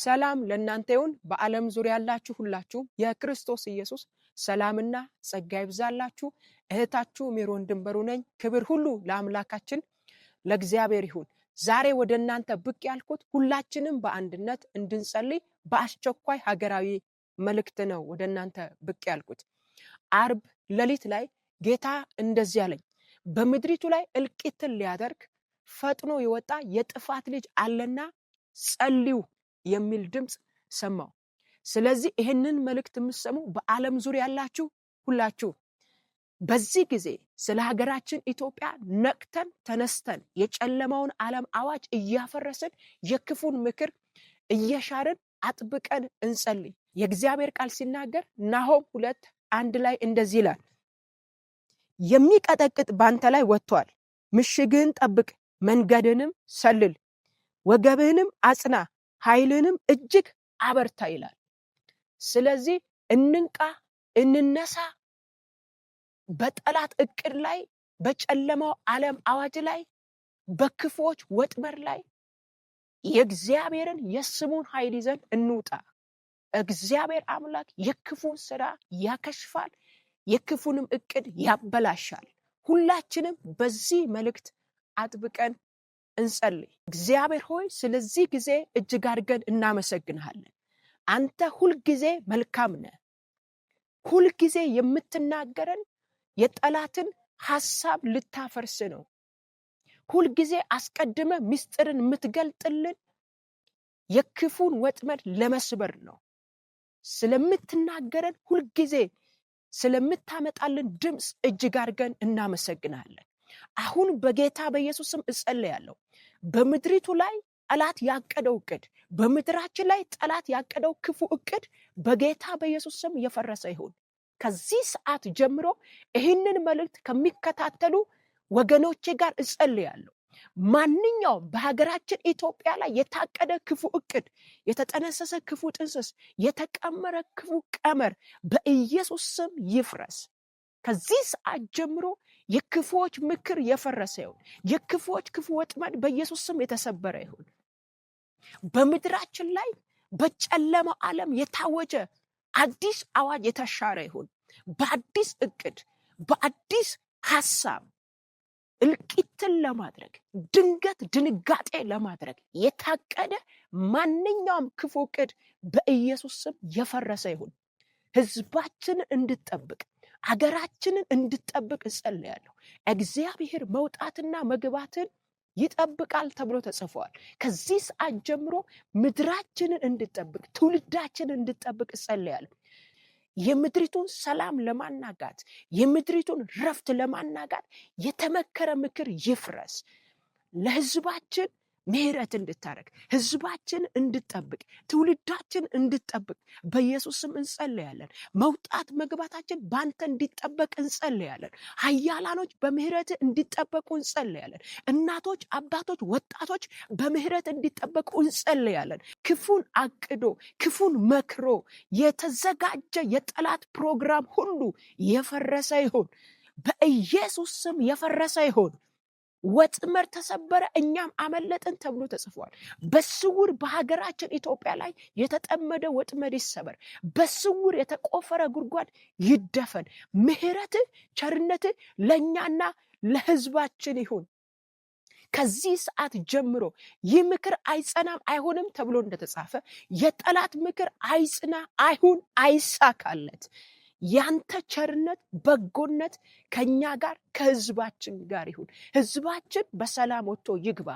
ሰላም ለእናንተ ይሁን። በዓለም ዙሪያ ያላችሁ ሁላችሁም የክርስቶስ ኢየሱስ ሰላምና ጸጋ ይብዛላችሁ። እህታችሁ ሜሮን ድንበሩ ነኝ። ክብር ሁሉ ለአምላካችን ለእግዚአብሔር ይሁን። ዛሬ ወደ እናንተ ብቅ ያልኩት ሁላችንም በአንድነት እንድንጸልይ በአስቸኳይ ሀገራዊ መልእክት ነው ወደ እናንተ ብቅ ያልኩት። አርብ ሌሊት ላይ ጌታ እንደዚህ አለኝ፣ በምድሪቱ ላይ እልቂትን ሊያደርግ ፈጥኖ የወጣ የጥፋት ልጅ አለና ጸልዩ የሚል ድምፅ ሰማው። ስለዚህ ይህንን መልእክት የምትሰሙ በዓለም ዙሪያ ያላችሁ ሁላችሁ በዚህ ጊዜ ስለ ሀገራችን ኢትዮጵያ ነቅተን ተነስተን የጨለማውን ዓለም አዋጅ እያፈረስን የክፉን ምክር እየሻርን አጥብቀን እንጸልይ። የእግዚአብሔር ቃል ሲናገር ናሆም ሁለት አንድ ላይ እንደዚህ ይላል፣ የሚቀጠቅጥ ባንተ ላይ ወጥቷል፣ ምሽግህን ጠብቅ፣ መንገድንም ሰልል፣ ወገብህንም አጽና፣ ኃይልንም እጅግ አበርታ ይላል። ስለዚህ እንንቃ፣ እንነሳ። በጠላት እቅድ ላይ፣ በጨለማው ዓለም አዋጅ ላይ፣ በክፉዎች ወጥመር ላይ የእግዚአብሔርን የስሙን ኃይል ይዘን እንውጣ። እግዚአብሔር አምላክ የክፉን ስራ ያከሽፋል፣ የክፉንም እቅድ ያበላሻል። ሁላችንም በዚህ መልእክት አጥብቀን እንጸልይ። እግዚአብሔር ሆይ ስለዚህ ጊዜ እጅግ አድርገን እናመሰግንሃለን። አንተ ሁልጊዜ መልካም ነህ። ሁልጊዜ የምትናገረን የጠላትን ሐሳብ ልታፈርስ ነው። ሁልጊዜ አስቀድመ ምስጢርን የምትገልጥልን የክፉን ወጥመድ ለመስበር ነው። ስለምትናገረን ሁልጊዜ ስለምታመጣልን ድምፅ እጅግ አድርገን እናመሰግናለን። አሁን በጌታ በኢየሱስ ስም ያለው በምድሪቱ ላይ ጠላት ያቀደው እቅድ፣ በምድራችን ላይ ጠላት ያቀደው ክፉ እቅድ በጌታ በኢየሱስ ስም የፈረሰ ይሁን። ከዚህ ሰዓት ጀምሮ ይህንን መልእክት ከሚከታተሉ ወገኖቼ ጋር እጸልያለሁ። ማንኛውም በሀገራችን ኢትዮጵያ ላይ የታቀደ ክፉ እቅድ፣ የተጠነሰሰ ክፉ ጥንስስ፣ የተቀመረ ክፉ ቀመር በኢየሱስ ስም ይፍረስ። ከዚህ ሰዓት ጀምሮ የክፉዎች ምክር የፈረሰ ይሁን። የክፉዎች ክፉ ወጥመድ በኢየሱስ ስም የተሰበረ ይሁን። በምድራችን ላይ በጨለማው ዓለም የታወጀ አዲስ አዋጅ የተሻረ ይሁን። በአዲስ እቅድ፣ በአዲስ ሀሳብ እልቂትን ለማድረግ ድንገት ድንጋጤ ለማድረግ የታቀደ ማንኛውም ክፉ እቅድ በኢየሱስ ስም የፈረሰ ይሁን። ህዝባችንን እንድጠብቅ አገራችንን እንድጠብቅ እጸልያለሁ። እግዚአብሔር መውጣትና መግባትን ይጠብቃል ተብሎ ተጽፏል። ከዚህ ሰዓት ጀምሮ ምድራችንን እንድጠብቅ፣ ትውልዳችንን እንድጠብቅ እጸልያለሁ። የምድሪቱን ሰላም ለማናጋት የምድሪቱን ረፍት ለማናጋት የተመከረ ምክር ይፍረስ። ለህዝባችን ምህረት እንድታደርግ ህዝባችን እንድጠብቅ ትውልዳችን እንድጠብቅ በኢየሱስም ስም እንጸለያለን። መውጣት መግባታችን በአንተ እንዲጠበቅ እንጸለያለን። ኃያላኖች በምህረት እንዲጠበቁ እንጸለያለን። እናቶች፣ አባቶች፣ ወጣቶች በምህረት እንዲጠበቁ እንጸለያለን። ክፉን አቅዶ ክፉን መክሮ የተዘጋጀ የጠላት ፕሮግራም ሁሉ የፈረሰ ይሁን። በኢየሱስ ስም የፈረሰ ይሁን። ወጥመድ ተሰበረ እኛም አመለጥን ተብሎ ተጽፏል። በስውር በሀገራችን ኢትዮጵያ ላይ የተጠመደ ወጥመድ ይሰበር፣ በስውር የተቆፈረ ጉድጓድ ይደፈን። ምሕረት ቸርነት ለእኛና ለሕዝባችን ይሁን። ከዚህ ሰዓት ጀምሮ ይህ ምክር አይጸናም አይሆንም ተብሎ እንደተጻፈ የጠላት ምክር አይጽና አይሁን አይሳካለት። ያንተ ቸርነት፣ በጎነት ከእኛ ጋር ከህዝባችን ጋር ይሁን። ህዝባችን በሰላም ወጥቶ ይግባ።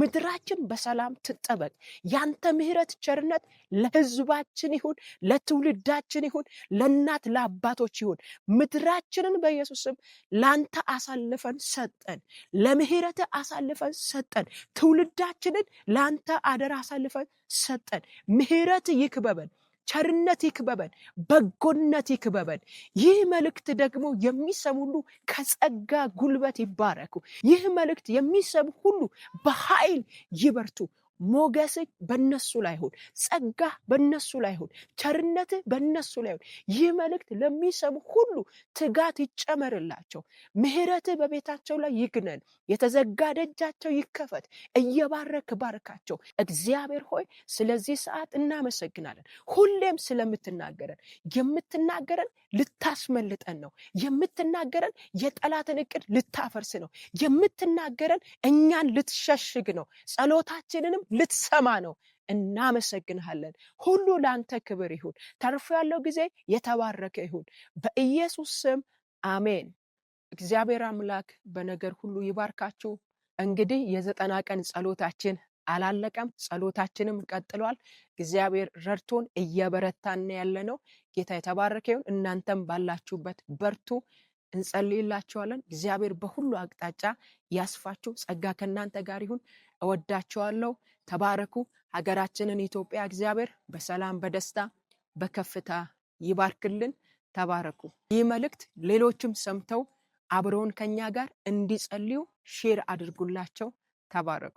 ምድራችን በሰላም ትጠበቅ። ያንተ ምህረት ቸርነት ለህዝባችን ይሁን፣ ለትውልዳችን ይሁን፣ ለእናት ለአባቶች ይሁን። ምድራችንን በኢየሱስም ለአንተ አሳልፈን ሰጠን፣ ለምህረት አሳልፈን ሰጠን። ትውልዳችንን ለአንተ አደር አሳልፈን ሰጠን። ምህረት ይክበበን። ቸርነት ይክበበን፣ በጎነት ይክበበን። ይህ መልእክት ደግሞ የሚሰሙ ሁሉ ከጸጋ ጉልበት ይባረኩ። ይህ መልእክት የሚሰሙ ሁሉ በኃይል ይበርቱ። ሞገስህ በነሱ ላይ ሁን፣ ጸጋህ በነሱ ላይ ሁን፣ ቸርነትህ በነሱ ላይ ሁን። ይህ መልእክት ለሚሰሙ ሁሉ ትጋት ይጨመርላቸው። ምሕረትህ በቤታቸው ላይ ይግነን፣ የተዘጋ ደጃቸው ይከፈት። እየባረክ ባርካቸው። እግዚአብሔር ሆይ ስለዚህ ሰዓት እናመሰግናለን። ሁሌም ስለምትናገረን የምትናገረን ልታስመልጠን ነው። የምትናገረን የጠላትን እቅድ ልታፈርስ ነው። የምትናገረን እኛን ልትሸሽግ ነው። ጸሎታችንንም ልትሰማ ነው። እናመሰግንሃለን። ሁሉ ለአንተ ክብር ይሁን። ተርፎ ያለው ጊዜ የተባረከ ይሁን በኢየሱስ ስም አሜን። እግዚአብሔር አምላክ በነገር ሁሉ ይባርካችሁ። እንግዲህ የዘጠና ቀን ጸሎታችን አላለቀም። ጸሎታችንም ቀጥሏል። እግዚአብሔር ረድቶን እየበረታን ያለ ነው። ጌታ የተባረከ ይሁን። እናንተም ባላችሁበት በርቱ። እንጸልይላችኋለን። እግዚአብሔር በሁሉ አቅጣጫ ያስፋችሁ። ጸጋ ከእናንተ ጋር ይሁን። እወዳችኋለሁ። ተባረኩ። ሀገራችንን ኢትዮጵያ እግዚአብሔር በሰላም በደስታ በከፍታ ይባርክልን። ተባረኩ። ይህ መልእክት ሌሎችም ሰምተው አብረውን ከኛ ጋር እንዲጸልዩ ሼር አድርጉላቸው። ተባረኩ።